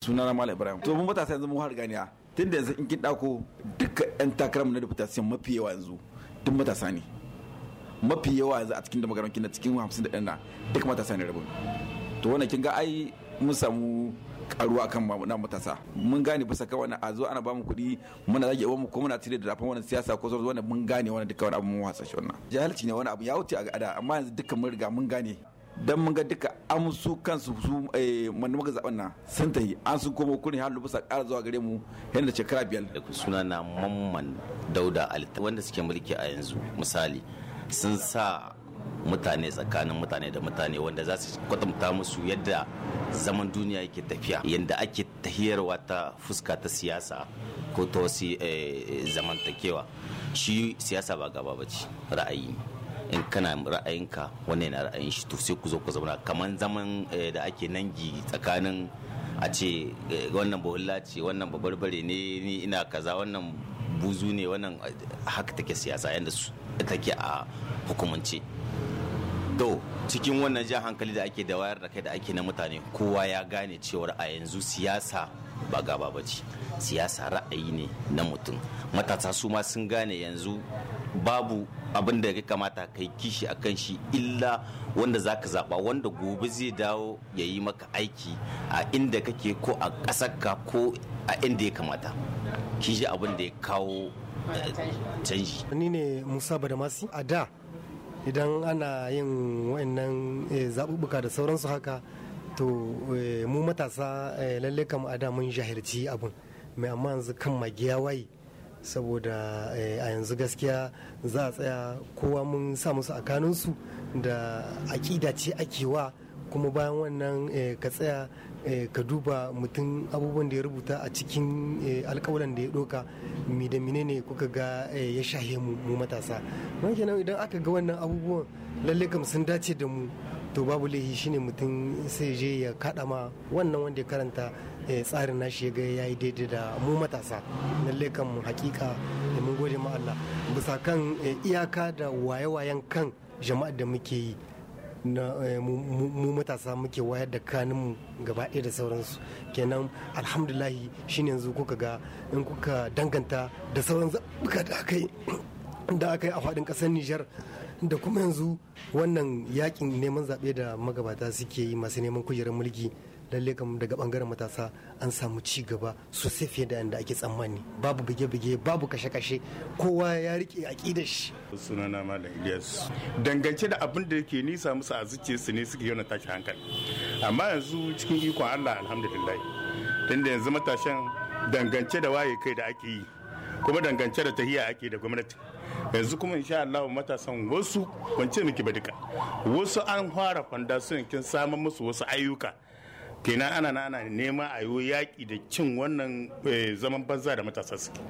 Sunan malam ibrahim to mun matasa yanzu mun har ganiya tun da yanzu in kin dako duka yan takarar mu na deputation mafi yawa yanzu duk matasa ne mafi yawa yanzu a cikin damagaran kin na cikin 51 na duk matasa ne rabu. to wannan kin ga ai mun samu karuwa kan mu na matasa mun gane bisa kawai wannan a zo ana bamu kuɗi muna zage mu ko muna tire da rafin wannan siyasa ko zuwa wannan mun gane wannan duka wani abu mun wasa shi wannan jahilci ne wani abu ya wuce a ga ada amma yanzu dukkan mun riga mun gane Dan mun ga duka amsu su kansu su mun eh, muka zaben nan sun tahi an sun komo kuni har lubusa ƙara zuwa gare mu yana da shekara biyar suna na mamman dauda alita wanda suke mulki a yanzu misali sun sa mutane tsakanin mutane da mutane wanda za su kwatanta musu yadda zaman duniya yake tafiya yadda ake tahiyarwa ta fuska ta siyasa ko ta wasu eh, zamantakewa shi siyasa ba gaba ba ce ra'ayi in kana ra'ayinka wannan yana ra'ayin shi to sai ku zo ku zauna kamar zaman eh, da ake nangi tsakanin a ce eh, wannan bahulla ce wannan babarbare ne ni ina kaza wannan buzu ne wannan eh, haka take siyasa yadda take a hukumance to cikin wannan jan hankali da ake da wayar da kai da ake na mutane kowa ya gane cewar a yanzu siyasa ba gaba ba ce siyasa ra'ayi ne na mutum matasa su ma sun gane yanzu babu abin da ya kamata kai kishi a kan shi illa wanda za ka zaɓa wanda gobe zai dawo ya yi maka aiki a inda kake ko a ƙasarka ko a inda ya kamata kishi abin da ya kawo eh, canji ni ne musa badamasi a da idan ana yin wa'annan eh, zaɓuɓɓuka da sauransu haka to eh, mu matasa lalle kama a da mun jahilci abin mai amma yanzu kan magiya waye saboda eh, a yanzu gaskiya za a tsaya kowa mun sa musu a kanunsu da aƙida ce ake wa kuma bayan wannan eh, ka tsaya eh, ka duba mutum abubuwan da ya rubuta a cikin alkawalan da ya doka mi da mine ne kuka ga ya shahe mu matasa don kenan idan aka ga wannan abubuwan lallekam kam sun dace da mu to babu laihi shine mutum sai je ya kaɗa ma wannan wanda ya karanta eh, tsarin na ya ga ya yi daidai da mu matasa lalle kan mu hakika da eh, mun gode ma Allah bisa kan eh, iyaka da waye-wayen kan jama'ar da muke yi na mu matasa muke wayar da mu gaba ɗaya da sauransu kenan alhamdulahi shine yanzu kuka ga in kuka danganta da sauran zaɓuka da aka yi da aka yi a faɗin ƙasar Nijar da kuma yanzu wannan yakin neman zaɓe da magabata suke yi masu neman kujerar mulki lalle kam daga bangaren matasa an samu ci gaba sosai fiye da yadda ake tsammani babu bige-bige babu kashe-kashe kowa ya rike aƙidar shi sunana malam ilyas dangance da abin da yake nisa musu a zuciya su ne suke yana tashi hankali amma yanzu cikin ikon allah alhamdulillah tunda yanzu matashan dangance da waye kai da ake yi kuma dangance da tahiya ake da gwamnati yanzu kuma insha Allah matasan wasu wance miki ba duka wasu an fara fanda sun kin samun musu wasu ayyuka kenan ana ana nema a yi yaƙi da cin wannan eh, zaman banza da matasa suke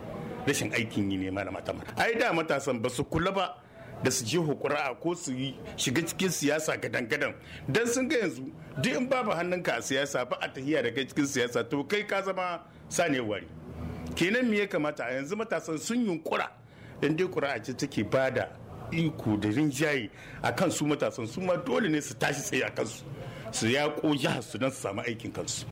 rashin aikin yi nema da mata ai da matasan ba su kula ba da su je hukura ko su yi shiga cikin siyasa gadan gadan dan sun ga yanzu duk in babu hannunka a siyasa ba a tahiya daga cikin siyasa to kai ka zama sanewari kenan me ya kamata a yanzu matasan sun yunkura dan dai ƙura'a ce take ba da iko da rinjaye a kan su matasan su ma dole ne su tashi tsaye a kansu su yaƙo jihar su don su samu aikin kansu